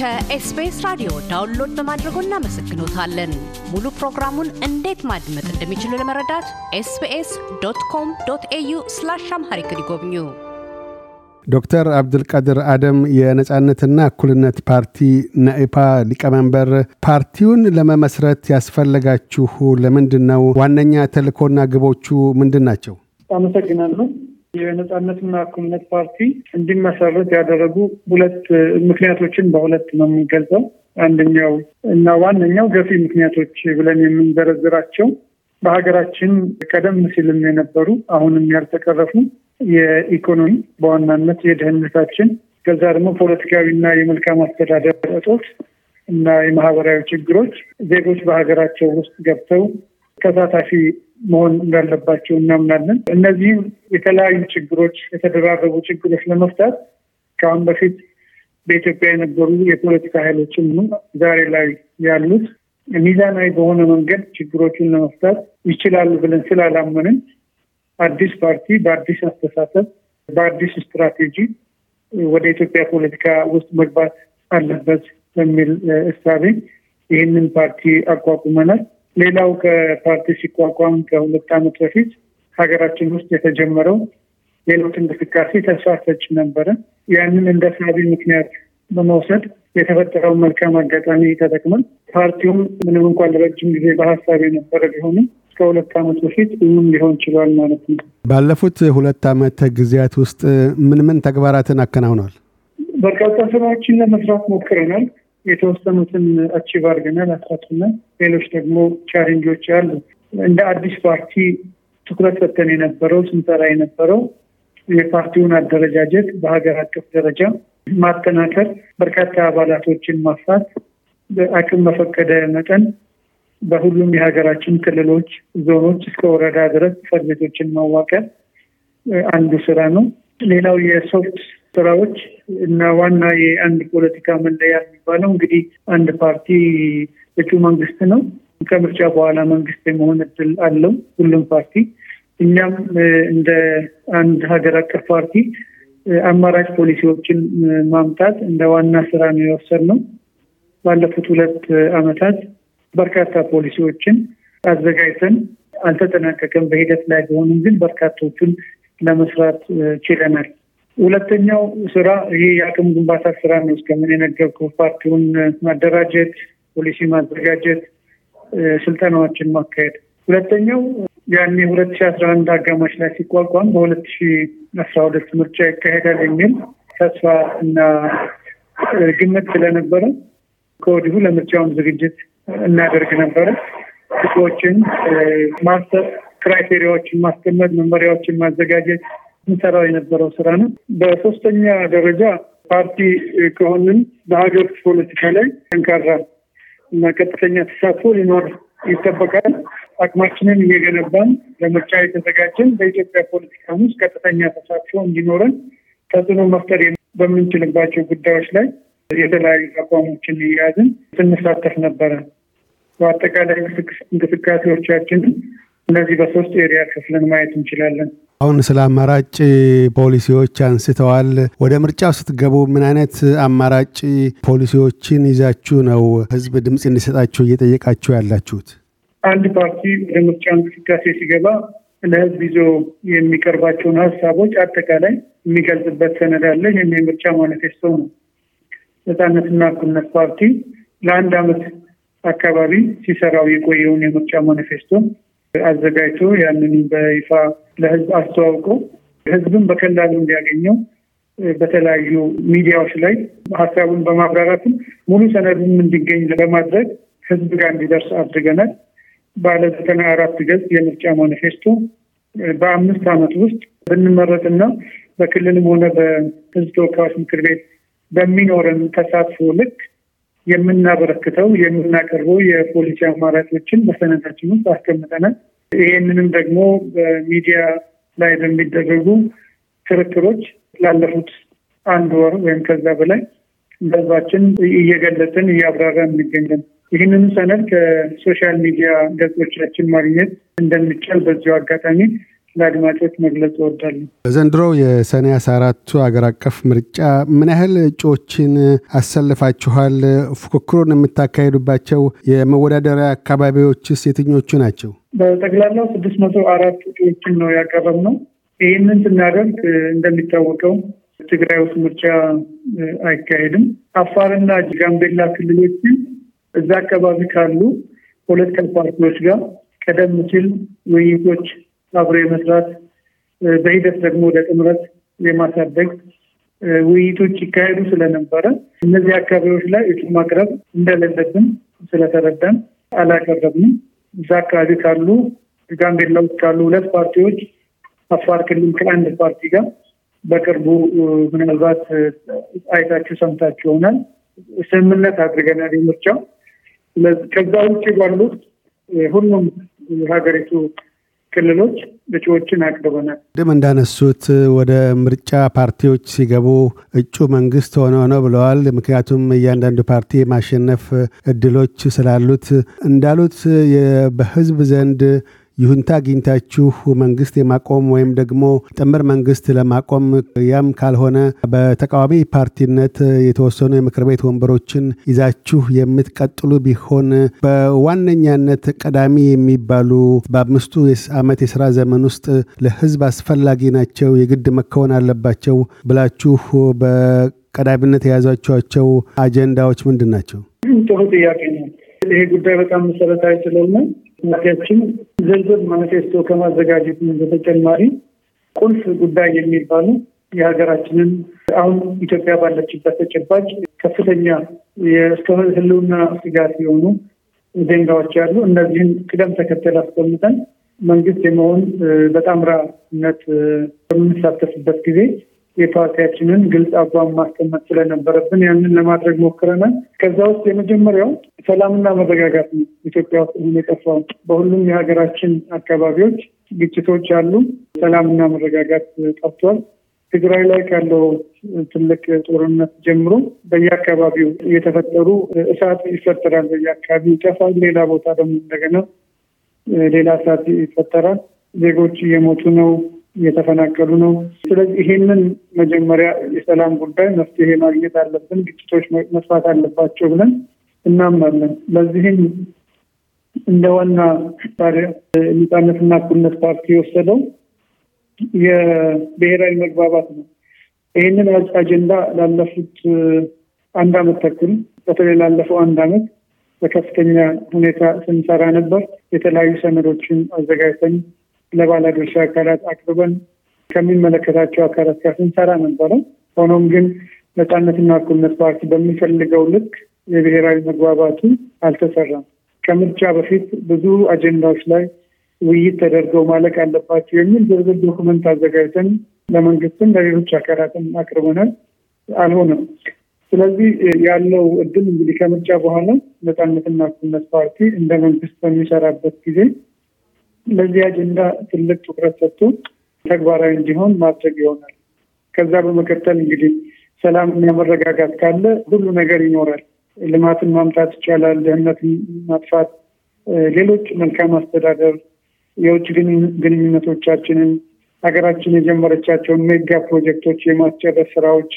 ከኤስቢኤስ ራዲዮ ዳውንሎድ በማድረጎ እናመሰግኖታለን። ሙሉ ፕሮግራሙን እንዴት ማድመጥ እንደሚችሉ ለመረዳት ኤስቢኤስ ዶት ኮም ዶት ኤዩ ስላሽ አምሃሪክ ይጎብኙ። ዶክተር አብዱልቃድር አደም የነጻነትና እኩልነት ፓርቲ ናኢፓ ሊቀመንበር፣ ፓርቲውን ለመመስረት ያስፈለጋችሁ ለምንድን ነው? ዋነኛ ተልእኮና ግቦቹ ምንድን ናቸው? አመሰግናለሁ። የነጻነትና እኩልነት ፓርቲ እንዲመሰረት ያደረጉ ሁለት ምክንያቶችን በሁለት ነው የምንገልጸው። አንደኛው እና ዋነኛው ገፊ ምክንያቶች ብለን የምንዘረዝራቸው በሀገራችን ቀደም ሲልም የነበሩ አሁንም ያልተቀረፉ የኢኮኖሚ በዋናነት የደህንነታችን ከዛ ደግሞ ፖለቲካዊና የመልካም አስተዳደር እጦት እና የማህበራዊ ችግሮች ዜጎች በሀገራቸው ውስጥ ገብተው ተሳታፊ መሆን እንዳለባቸው እናምናለን። እነዚህም የተለያዩ ችግሮች የተደራረቡ ችግሮች ለመፍታት ከአሁን በፊት በኢትዮጵያ የነበሩ የፖለቲካ ኃይሎችም ዛሬ ላይ ያሉት ሚዛናዊ በሆነ መንገድ ችግሮችን ለመፍታት ይችላሉ ብለን ስላላመንን አዲስ ፓርቲ በአዲስ አስተሳሰብ በአዲስ ስትራቴጂ ወደ ኢትዮጵያ ፖለቲካ ውስጥ መግባት አለበት በሚል እሳቤ ይህንን ፓርቲ አቋቁመናል። ሌላው ከፓርቲ ሲቋቋም ከሁለት ዓመት በፊት ሀገራችን ውስጥ የተጀመረው የለውጥ እንቅስቃሴ ተስፋ ነበረ። ያንን እንደ ሳቢ ምክንያት በመውሰድ የተፈጠረውን መልካም አጋጣሚ ተጠቅመን ፓርቲውም ምንም እንኳን ለረጅም ጊዜ በሀሳብ የነበረ ቢሆንም ከሁለት ዓመት በፊት ብዙም ሊሆን ችሏል ማለት ነው። ባለፉት ሁለት ዓመት ጊዜያት ውስጥ ምን ምን ተግባራትን አከናውኗል? በርካታ ስራዎችን ለመስራት ሞክረናል። የተወሰኑትን አቺቭ አድርገናል አስራትናል። ሌሎች ደግሞ ቻሌንጆች አሉ። እንደ አዲስ ፓርቲ ትኩረት ሰጥተን የነበረው ስንሰራ የነበረው የፓርቲውን አደረጃጀት በሀገር አቀፍ ደረጃ ማጠናከር፣ በርካታ አባላቶችን ማፍራት፣ አቅም በፈቀደ መጠን በሁሉም የሀገራችን ክልሎች፣ ዞኖች እስከ ወረዳ ድረስ ጽሕፈት ቤቶችን ማዋቀር አንዱ ስራ ነው። ሌላው የሶፍት ስራዎች እና ዋና የአንድ ፖለቲካ መለያ የሚባለው እንግዲህ አንድ ፓርቲ እጩ መንግስት ነው። ከምርጫ በኋላ መንግስት የመሆን እድል አለው ሁሉም ፓርቲ። እኛም እንደ አንድ ሀገር አቀፍ ፓርቲ አማራጭ ፖሊሲዎችን ማምጣት እንደ ዋና ስራ ነው የወሰድነው። ባለፉት ሁለት አመታት በርካታ ፖሊሲዎችን አዘጋጅተን አልተጠናቀቀም፣ በሂደት ላይ ቢሆንም ግን በርካቶቹን ለመስራት ችለናል። ሁለተኛው ስራ ይህ የአቅም ግንባታ ስራ ነው። እስከምን የነገርኩህ ፓርቲውን ማደራጀት፣ ፖሊሲ ማዘጋጀት፣ ስልጠናዎችን ማካሄድ። ሁለተኛው ያኔ ሁለት ሺ አስራ አንድ አጋማሽ ላይ ሲቋቋም በሁለት ሺ አስራ ሁለት ምርጫ ይካሄዳል የሚል ተስፋ እና ግምት ስለነበረ ከወዲሁ ለምርጫውን ዝግጅት እናደርግ ነበረ። ህጎችን ማሰብ፣ ክራይቴሪያዎችን ማስቀመጥ፣ መመሪያዎችን ማዘጋጀት እንሰራው የነበረው ስራ ነው። በሶስተኛ ደረጃ ፓርቲ ከሆንን በሀገር ፖለቲካ ላይ ጠንካራ እና ቀጥተኛ ተሳትፎ ሊኖር ይጠበቃል። አቅማችንን እየገነባን ለምርጫ የተዘጋጀን በኢትዮጵያ ፖለቲካ ውስጥ ቀጥተኛ ተሳትፎ እንዲኖረን ተጽዕኖ መፍጠር በምንችልባቸው ጉዳዮች ላይ የተለያዩ አቋሞችን እያያዝን ስንሳተፍ ነበረ። በአጠቃላይ እንቅስቃሴዎቻችንን እነዚህ በሶስት ኤሪያ ክፍልን ማየት እንችላለን። አሁን ስለ አማራጭ ፖሊሲዎች አንስተዋል። ወደ ምርጫው ስትገቡ ምን አይነት አማራጭ ፖሊሲዎችን ይዛችሁ ነው ህዝብ ድምፅ እንዲሰጣችሁ እየጠየቃችሁ ያላችሁት? አንድ ፓርቲ ወደ ምርጫ እንቅስቃሴ ሲገባ ለህዝብ ይዞ የሚቀርባቸውን ሀሳቦች አጠቃላይ የሚገልጽበት ሰነድ አለ። ይህም የምርጫ ማኒፌስቶ ነው። ነፃነትና እኩልነት ፓርቲ ለአንድ አመት አካባቢ ሲሰራው የቆየውን የምርጫ ማኒፌስቶ አዘጋጅቶ ያንን በይፋ ለህዝብ አስተዋውቆ ህዝብም በቀላሉ እንዲያገኘው በተለያዩ ሚዲያዎች ላይ ሀሳቡን በማብራራትም ሙሉ ሰነዱም እንዲገኝ ለማድረግ ህዝብ ጋር እንዲደርስ አድርገናል። ባለ ዘጠና አራት ገጽ የምርጫ ማኒፌስቶ በአምስት አመት ውስጥ ብንመረጥና በክልልም ሆነ በህዝብ ተወካዮች ምክር ቤት በሚኖረን ተሳትፎ ልክ የምናበረክተው የምናቀርበው የፖሊሲ አማራጮችን በሰነዳችን ውስጥ አስቀምጠናል። ይህንንም ደግሞ በሚዲያ ላይ በሚደረጉ ክርክሮች ላለፉት አንድ ወር ወይም ከዛ በላይ በህዝባችን እየገለጥን እያብራራ እንገኛለን። ይህንን ሰነድ ከሶሻል ሚዲያ ገጾቻችን ማግኘት እንደሚቻል በዚሁ አጋጣሚ ለአድማጮች መግለጽ እወዳለሁ። በዘንድሮ የሰኔ አስራ አራቱ ሀገር አቀፍ ምርጫ ምን ያህል እጩዎችን አሰልፋችኋል? ፉክክሩን የምታካሄዱባቸው የመወዳደሪያ አካባቢዎችስ የትኞቹ ናቸው? በጠቅላላው ስድስት መቶ አራት ውጪዎችን ነው ያቀረብ ነው። ይህንን ስናደርግ እንደሚታወቀው ትግራይ ውስጥ ምርጫ አይካሄድም። አፋርና ጋምቤላ ክልሎችን እዛ አካባቢ ካሉ ፖለቲካል ፓርቲዎች ጋር ቀደም ሲል ውይይቶች አብሮ የመስራት በሂደት ደግሞ ወደ ጥምረት የማሳደግ ውይይቶች ይካሄዱ ስለነበረ እነዚህ አካባቢዎች ላይ እጩ ማቅረብ እንደሌለብን ስለተረዳን አላቀረብንም። እዛ አካባቢ ካሉ ጋምቤላ ውስጥ ካሉ ሁለት ፓርቲዎች አፋር ክልል ከአንድ ፓርቲ ጋር በቅርቡ ምናልባት አይታችሁ ሰምታችሁ ይሆናል ስምምነት አድርገናል የምርጫው ከዛ ውጭ ባሉት ሁሉም የሀገሪቱ ክልሎች እጩዎችን አቅርበናል። ቅድም እንዳነሱት ወደ ምርጫ ፓርቲዎች ሲገቡ እጩ መንግስት ሆነው ነው ብለዋል። ምክንያቱም እያንዳንዱ ፓርቲ የማሸነፍ እድሎች ስላሉት እንዳሉት በህዝብ ዘንድ ይሁንታ አግኝታችሁ መንግስት የማቆም ወይም ደግሞ ጥምር መንግስት ለማቆም ያም ካልሆነ በተቃዋሚ ፓርቲነት የተወሰኑ የምክር ቤት ወንበሮችን ይዛችሁ የምትቀጥሉ ቢሆን በዋነኛነት ቀዳሚ የሚባሉ በአምስቱ ዓመት የስራ ዘመን ውስጥ ለህዝብ አስፈላጊ ናቸው፣ የግድ መከወን አለባቸው ብላችሁ በቀዳሚነት የያዛችኋቸው አጀንዳዎች ምንድን ናቸው? ጥሩ ጥያቄ ነው። ይሄ ጉዳይ በጣም መሰረታዊ ስለሆነ ፓርቲያችን ዝርዝር ማኒፌስቶ ከማዘጋጀት በተጨማሪ ቁልፍ ጉዳይ የሚባሉ የሀገራችንን አሁን ኢትዮጵያ ባለችበት ተጨባጭ ከፍተኛ የእስከ ህልውና ስጋት የሆኑ ዜንጋዎች ያሉ እነዚህን ቅደም ተከተል አስቀምጠን መንግስት የመሆን በጣምራነት በምንሳተፍበት ጊዜ የፓርቲያችንን ግልጽ አቋም ማስቀመጥ ስለነበረብን ያንን ለማድረግ ሞክረናል። ከዛ ውስጥ የመጀመሪያው ሰላምና መረጋጋት ነው። ኢትዮጵያ ውስጥ ሁን የጠፋው በሁሉም የሀገራችን አካባቢዎች ግጭቶች አሉ። ሰላምና መረጋጋት ጠፍቷል። ትግራይ ላይ ካለው ትልቅ ጦርነት ጀምሮ በየአካባቢው እየተፈጠሩ እሳት ይፈጠራል። በየአካባቢ ይጠፋል። ሌላ ቦታ ደግሞ እንደገና ሌላ እሳት ይፈጠራል። ዜጎች እየሞቱ ነው። እየተፈናቀሉ ነው። ስለዚህ ይሄንን መጀመሪያ የሰላም ጉዳይ መፍትሄ ማግኘት አለብን፣ ግጭቶች መጥፋት አለባቸው ብለን እናምናለን። ለዚህም እንደ ዋና ታዲያ እኩልነት ፓርቲ የወሰደው የብሔራዊ መግባባት ነው። ይህንን አጀንዳ ላለፉት አንድ አመት ተኩል በተለይ ላለፈው አንድ አመት በከፍተኛ ሁኔታ ስንሰራ ነበር። የተለያዩ ሰነዶችን አዘጋጅተን ለባለድርሻ አካላት አቅርበን ከሚመለከታቸው አካላት ጋር ስንሰራ ነበረ። ሆኖም ግን ነፃነትና እኩልነት ፓርቲ በሚፈልገው ልክ የብሔራዊ መግባባቱ አልተሰራም። ከምርጫ በፊት ብዙ አጀንዳዎች ላይ ውይይት ተደርገው ማለቅ አለባቸው የሚል ዝርዝር ዶኩመንት አዘጋጅተን ለመንግስትም ለሌሎች አካላትም አቅርበናል። አልሆነም። ስለዚህ ያለው እድል እንግዲህ ከምርጫ በኋላ ነፃነትና እኩልነት ፓርቲ እንደ መንግስት በሚሰራበት ጊዜ ለዚህ አጀንዳ ትልቅ ትኩረት ሰጥቶ ተግባራዊ እንዲሆን ማድረግ ይሆናል። ከዛ በመከተል እንግዲህ እና መረጋጋት ካለ ሁሉ ነገር ይኖራል። ልማትን ማምጣት ይቻላል። ድህነትን ማጥፋት፣ ሌሎች መልካም አስተዳደር፣ የውጭ ግንኙነቶቻችንን፣ ሀገራችን የጀመረቻቸውን ሜጋ ፕሮጀክቶች የማስጨረስ ስራዎች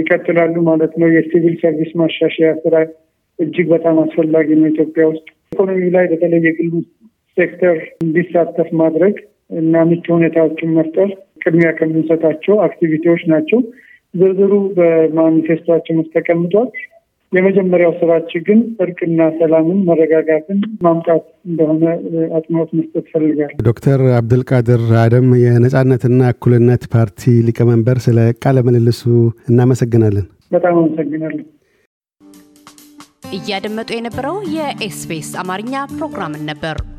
ይቀጥላሉ ማለት ነው። የሲቪል ሰርቪስ ማሻሻያ ስራ እጅግ በጣም አስፈላጊ ነው። ኢትዮጵያ ውስጥ ኢኮኖሚ ላይ በተለይ የግል ሴክተር እንዲሳተፍ ማድረግ እና ምቹ ሁኔታዎችን መፍጠር ቅድሚያ ከምንሰጣቸው አክቲቪቲዎች ናቸው። ዝርዝሩ በማኒፌስቶችን ውስጥ ተቀምጧል። የመጀመሪያው ስራችን ግን እርቅና ሰላምን መረጋጋትን ማምጣት እንደሆነ አጽንኦት መስጠት ፈልጋል። ዶክተር አብዱልቃድር አደም የነጻነትና እኩልነት ፓርቲ ሊቀመንበር፣ ስለ ቃለ ምልልሱ እናመሰግናለን። በጣም አመሰግናለን። እያደመጡ የነበረው የኤስቢኤስ አማርኛ ፕሮግራምን ነበር።